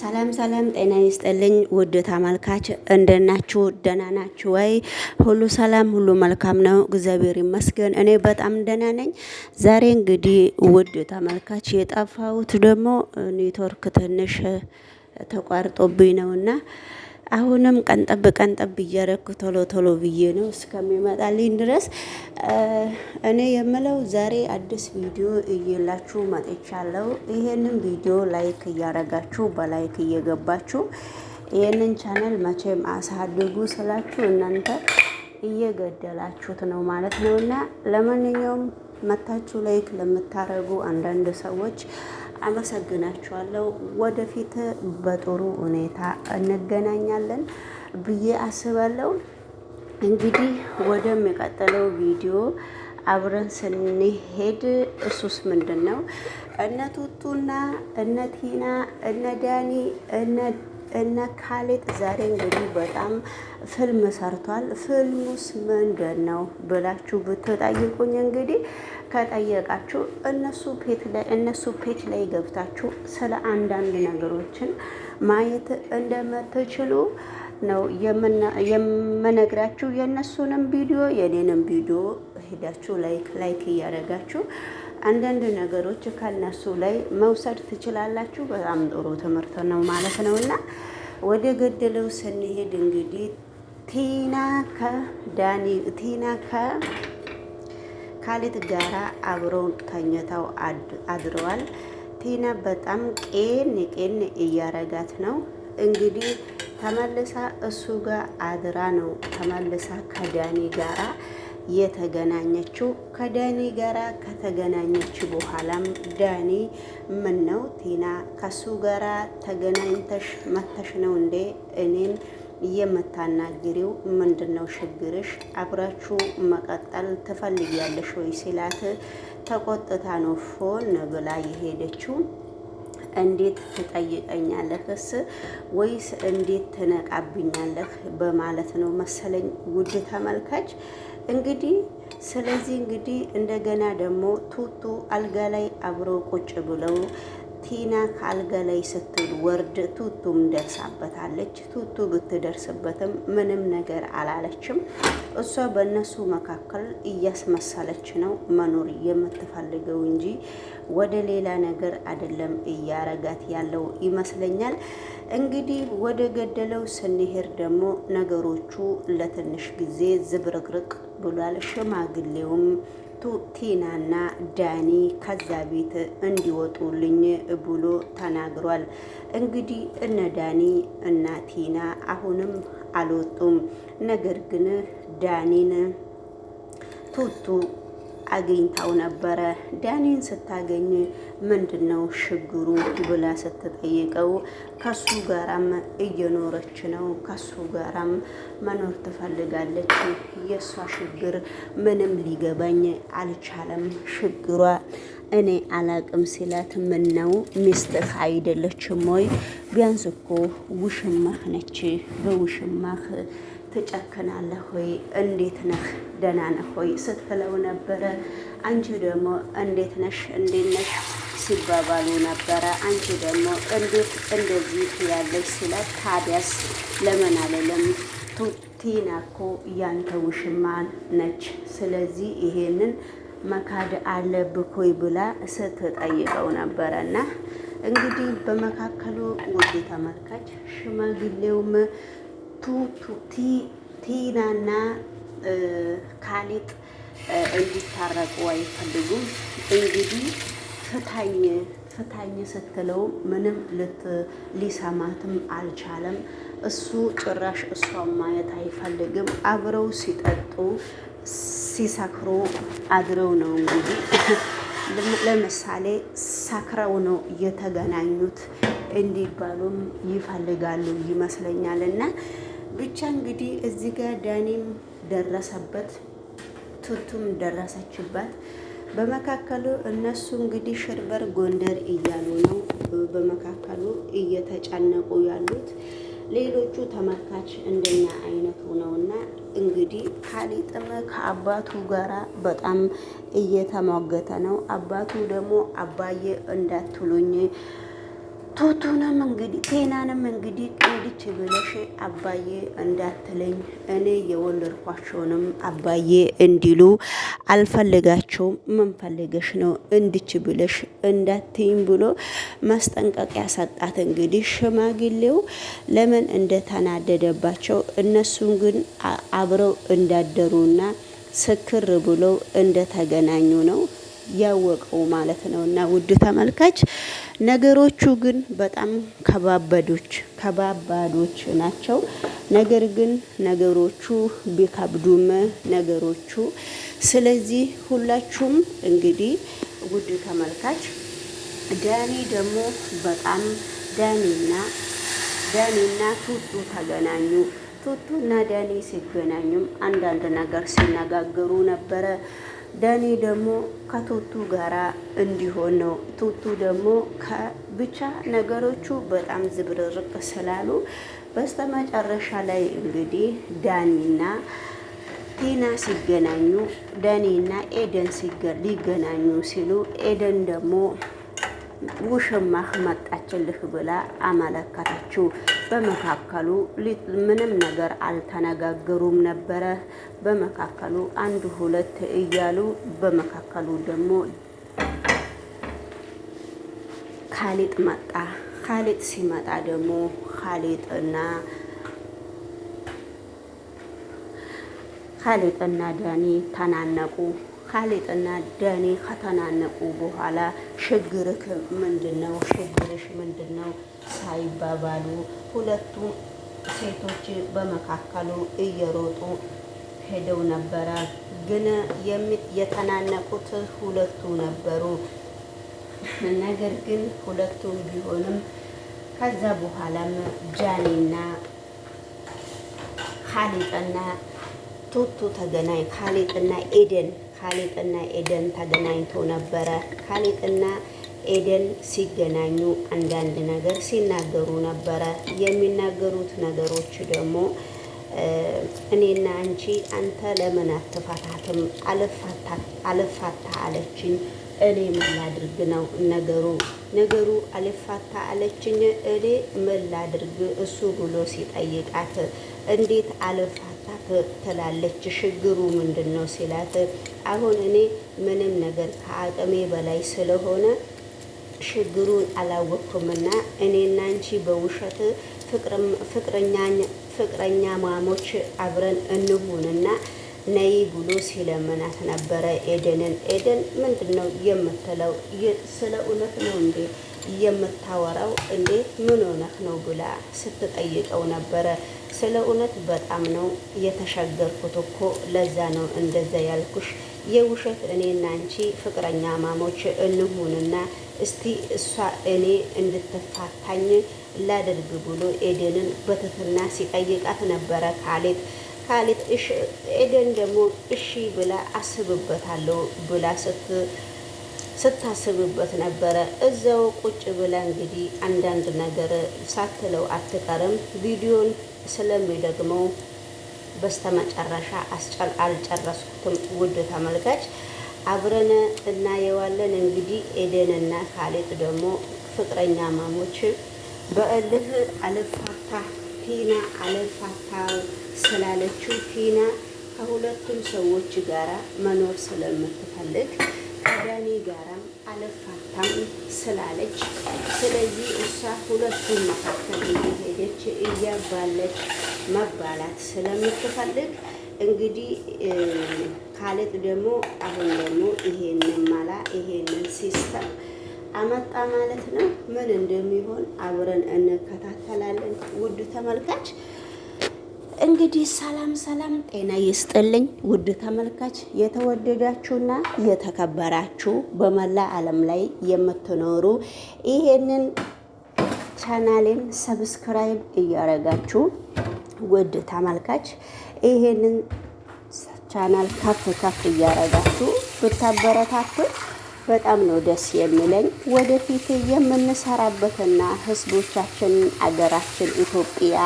ሰላም ሰላም፣ ጤና ይስጥልኝ ውድ ተመልካች፣ እንደናችሁ ደህና ናችሁ ወይ? ሁሉ ሰላም፣ ሁሉ መልካም ነው፣ እግዚአብሔር ይመስገን። እኔ በጣም ደህና ነኝ። ዛሬ እንግዲህ ውድ ተመልካች የጠፋሁት ደግሞ ኔትወርክ ትንሽ ተቋርጦብኝ ነውና አሁንም ቀንጠብ ቀንጠብ እያረኩ ቶሎ ቶሎ ብዬ ነው እስከሚመጣልኝ ድረስ። እኔ የምለው ዛሬ አዲስ ቪዲዮ እየላችሁ መጥቻለሁ። ይሄንን ቪዲዮ ላይክ እያረጋችሁ በላይክ እየገባችሁ ይሄንን ቻናል መቼም አሳድጉ ስላችሁ እናንተ እየገደላችሁት ነው ማለት ነው እና ለማንኛውም መታችሁ ላይክ ለምታረጉ አንዳንድ ሰዎች አመሰግናችኋለሁ። ወደፊት በጥሩ ሁኔታ እንገናኛለን ብዬ አስባለሁ። እንግዲህ ወደሚቀጥለው ቪዲዮ አብረን ስንሄድ እሱስ ምንድን ነው እነ ቱቱና እነ ቲና እነ ዳኒ እነ እነ ዛሬ እንግዲህ በጣም ፊልም ሰርቷል። ፊልሙስ ምንድን ነው ብላችሁ ብትጠይቁኝ እንግዲህ ከጠየቃችሁ እነሱ ፔት ላይ እነሱ ፔች ላይ ገብታችሁ ስለ አንዳንድ ነገሮችን ማየት እንደምትችሉ ነው የምነግራችሁ። የእነሱንም ቪዲዮ የኔንም ቪዲዮ ሄዳችሁ ላይክ ላይክ እያደረጋችሁ አንዳንድ ነገሮች ከእነሱ ላይ መውሰድ ትችላላችሁ። በጣም ጥሩ ትምህርት ነው ማለት ነው እና ወደ ገደለው ስንሄድ እንግዲህ ቲና ከዳኒ ቲና ከ ካሊት ጋራ አብረው ተኝተው አድረዋል። ቲና በጣም ቄን ቄን እያረጋት ነው። እንግዲህ ተመልሳ እሱ ጋር አድራ ነው ተመልሳ ከዳኒ ጋራ የተገናኘችው። ከዳኒ ጋራ ከተገናኘች በኋላም ዳኒ ምን ነው ቲና ከሱ ጋራ ተገናኝተሽ መተሽ ነው እንዴ እኔን የምታናግሪው ምንድን ነው ችግርሽ? አብራችሁ መቀጠል ትፈልጊያለሽ ወይ ሲላት ተቆጥታ ነው ፎን ብላ የሄደችው። እንዴት ትጠይቀኛለህስ ወይስ እንዴት ትነቃብኛለህ በማለት ነው መሰለኝ ውድ ተመልካች እንግዲህ ስለዚህ እንግዲህ እንደገና ደግሞ ቱቱ አልጋ ላይ አብረው ቁጭ ብለው ቲና ካልገላይ ስትል ወርድ ቱቱም ደርሳበታለች። ቱቱ ብትደርስበትም ምንም ነገር አላለችም። እሷ በእነሱ መካከል እያስመሰለች ነው መኖር የምትፈልገው እንጂ ወደ ሌላ ነገር አይደለም እያረጋት ያለው ይመስለኛል። እንግዲህ ወደ ገደለው ስንሄድ ደግሞ ነገሮቹ ለትንሽ ጊዜ ዝብርቅርቅ ብሏል። ሽማግሌውም ቲናና ዳኒ ከዛ ቤት እንዲወጡልኝ ብሎ ተናግሯል። እንግዲህ እነ ዳኒ እና ቲና አሁንም አልወጡም። ነገር ግን ዳኒን ቱቱ አግኝታው ነበረ። ዳኒን ስታገኝ ምንድን ነው ችግሩ ብላ ስትጠይቀው ከሱ ጋራም እየኖረች ነው፣ ከሱ ጋራም መኖር ትፈልጋለች። የእሷ ችግር ምንም ሊገባኝ አልቻለም። ችግሯ እኔ አላቅም ሲላት፣ ምን ነው ሚስትህ አይደለችም ወይ? ቢያንስ እኮ ውሽማህ ነች። በውሽማህ ትጨክናለህ ሆይ እንዴት ነህ ደህና ነህ ሆይ ስትለው ነበረ። አንቺ ደግሞ እንዴት ነሽ እንዴት ነሽ ሲባባሉ ነበረ። አንቺ ደግሞ እንዴት እንደዚህ ያለች ሲላት፣ ታዲያስ ለምን አለለም ቲና እኮ ያንተ ውሽማ ነች። ስለዚህ ይሄንን መካድ አለብህ ብላ ስትጠይቀው ነበረና እንግዲህ በመካከሉ ውድ ተመልካች ሽማግሌውም ቲናና ካሊጥ እንዲታረቁ አይፈልጉም። እንግዲህ ፍታኝ ፍታኝ ስትለው ምንም ሊሰማትም አልቻለም። እሱ ጭራሽ እሷን ማየት አይፈልግም። አብረው ሲጠጡ ሲሰክሩ አድረው ነው እንግዲህ ለምሳሌ ሰክረው ነው የተገናኙት እንዲባሉም ይፈልጋሉ ይመስለኛል እና ብቻ እንግዲህ እዚህ ጋር ዳኒም ደረሰበት፣ ቱቱም ደረሰችበት። በመካከሉ እነሱ እንግዲህ ሽርበር ጎንደር እያሉ ነው በመካከሉ እየተጨነቁ ያሉት ሌሎቹ ተመልካች እንደኛ አይነቱ እና እንግዲህ ካሊጥም ከአባቱ ጋራ በጣም እየተሟገተ ነው። አባቱ ደግሞ አባዬ እንዳትሉኝ ቱቱንም እንግዲህ ቴናንም እንግዲህ እንድች ብለሽ አባዬ እንዳትለኝ እኔ የወለድኳቸውንም አባዬ እንዲሉ አልፈልጋቸውም። ምን ፈልገሽ ነው እንድች ብለሽ እንዳትይኝ ብሎ ማስጠንቀቂያ ሰጣት። እንግዲህ ሽማግሌው ለምን እንደተናደደባቸው እነሱን ግን አብረው እንዳደሩና ስክር ብለው እንደተገናኙ ነው። ያወቀው ማለት ነው። እና ውድ ተመልካች ነገሮቹ ግን በጣም ከባባዶች ከባባዶች ናቸው። ነገር ግን ነገሮቹ ቢከብዱም ነገሮቹ ስለዚህ ሁላችሁም እንግዲህ ውድ ተመልካች ዳኒ ደግሞ በጣም ዳኒና ዳኒና ቱቱ ተገናኙ። ቱቱና ዳኒ ሲገናኙም አንዳንድ ነገር ሲነጋገሩ ነበረ። ዳኒ ደግሞ ከቱቱ ጋራ እንዲሆን ነው። ቱቱ ደግሞ ብቻ ነገሮቹ በጣም ዝብርርቅ ስላሉ በስተመጨረሻ ላይ እንግዲህ ዳኒና ቲና ሲገናኙ ዳኒና ኤደን ሊገናኙ ሲሉ ኤደን ደግሞ ውሽማህ መጣችልህ ብላ አመለከተችው። በመካከሉ ምንም ነገር አልተነጋገሩም ነበረ። በመካከሉ አንድ ሁለት እያሉ በመካከሉ ደግሞ ካሊጥ መጣ። ካሊጥ ሲመጣ ደግሞ ካሊጥና ካሊጥና ዳኒ ተናነቁ። ካሊጥና ዳኒ ከተናነቁ በኋላ ችግርህ ምንድን ነው? ምንድነው ምንድን ነው? ሳይባባሉ ሁለቱ ሴቶች በመካከሉ እየሮጡ ሄደው ነበረ። ግን የተናነቁት ሁለቱ ነበሩ። ነገር ግን ሁለቱም ቢሆንም ከዛ በኋላም ጃኒና ካሊጥና ቱቱ ተገናኝ ካሊጥና ኤደን ካሌጥና ኤደን ተገናኝቶ ነበረ። ካሌጥና ኤደን ሲገናኙ አንዳንድ ነገር ሲናገሩ ነበረ። የሚናገሩት ነገሮች ደግሞ እኔና አንቺ አንተ ለምን አትፋታትም? አልፋታ አለችኝ። እኔ ምን ላድርግ ነው ነገሩ ነገሩ አልፋታ አለችኝ። እኔ ምን ላድርግ እሱ ብሎ ሲጠይቃት እንዴት አልፋ ትላለች። ችግሩ ምንድን ነው ሲላት፣ አሁን እኔ ምንም ነገር ከአቅሜ በላይ ስለሆነ ችግሩን አላወቅኩምና እኔና አንቺ በውሸት ፍቅረኛ ማሞች አብረን እንሁንና ነይ ብሎ ሲለምናት ነበረ ኤደንን። ኤደን ምንድን ነው የምትለው? ስለ እውነት ነው እንዴ የምታወራው? እንዴ ምን እውነት ነው ብላ ስትጠይቀው ነበረ። ስለ እውነት በጣም ነው የተሸገርኩት እኮ። ለዛ ነው እንደዛ ያልኩሽ። የውሸት እኔና አንቺ ፍቅረኛ ማሞች እንሁንና እስቲ እሷ እኔ እንድትፋታኝ ላደርግ ብሎ ኤደንን በትህትና ሲጠይቃት ነበረ ካሌት። ካሌት ኤደን ደግሞ እሺ ብላ አስብበታለሁ ብላ ስት ስታስብበት ነበረ። እዛው ቁጭ ብላ እንግዲህ አንዳንድ ነገር ሳትለው አትቀርም ቪዲዮን ስለሚደግመው በስተመጨረሻ አልጨረስኩትም። ውድ ተመልካች አብረን እናየዋለን። እንግዲህ ኤደንና ካሌጥ ደግሞ ፍቅረኛ ማሞች በእልህ አለፋታ ቲና አለፋታ ስላለችው ቲና ከሁለቱም ሰዎች ጋራ መኖር ስለምትፈልግ ከዳኒ ጋራ አለፋታም ስላለች፣ ስለዚህ እሷ ሁለቱን መካከል እየሄደች እያባለች መባላት ስለምትፈልግ እንግዲህ ካሌብ ደግሞ አሁን ደግሞ ይሄንን ማላ ይሄንን ሲስተም አመጣ ማለት ነው። ምን እንደሚሆን አብረን እንከታተላለን ውድ ተመልካች። እንግዲህ ሰላም ሰላም፣ ጤና ይስጥልኝ ውድ ተመልካች፣ የተወደዳችሁና የተከበራችሁ በመላ ዓለም ላይ የምትኖሩ ይሄንን ቻናሌን ሰብስክራይብ እያረጋችሁ ውድ ተመልካች ይሄንን ቻናል ከፍ ከፍ እያረጋችሁ ብታበረታቱ በጣም ነው ደስ የሚለኝ። ወደፊት የምንሰራበትና ህዝቦቻችን አገራችን ኢትዮጵያ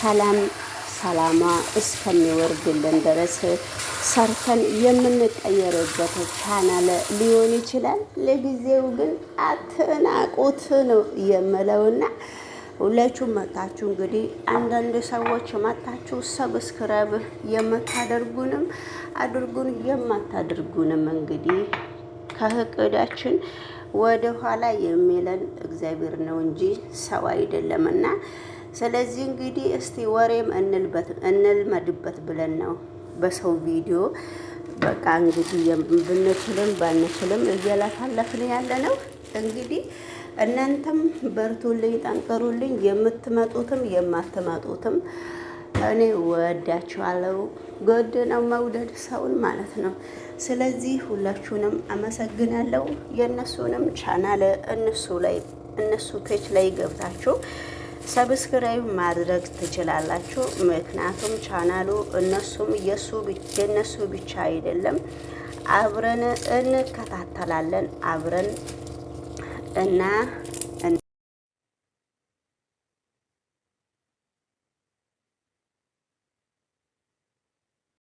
ሰላም ሰላማ እስከሚወርድልን ድረስ ሰርተን የምንቀየርበት ቻናል ሊሆን ይችላል። ለጊዜው ግን አትናቁት ነው የምለውና ሁላችሁ መታችሁ እንግዲህ አንዳንድ ሰዎች መታችሁ ሰብስክራይብ የምታደርጉንም አድርጉን የማታደርጉንም እንግዲህ ከእቅዳችን ወደ ኋላ የሚለን እግዚአብሔር ነው እንጂ ሰው አይደለምና ስለዚህ እንግዲህ እስቲ ወሬም እንልበት እንልመድበት ብለን ነው በሰው ቪዲዮ በቃ እንግዲህ ብንችልም ባንችልም እየላታለፍን ያለ ነው። እንግዲህ እናንተም በርቱልኝ፣ ጠንቀሩልኝ የምትመጡትም የማትመጡትም እኔ ወዳችኋለሁ። ጎድ ነው መውደድ ሰውን ማለት ነው። ስለዚህ ሁላችሁንም አመሰግናለሁ። የእነሱንም ቻናል እነሱ ላይ እነሱ ፔጅ ላይ ገብታችሁ ሰብስክራይብ ማድረግ ትችላላችሁ። ምክንያቱም ቻናሉ እነሱም የሱ የነሱ ብቻ አይደለም፣ አብረን እንከታተላለን አብረን እና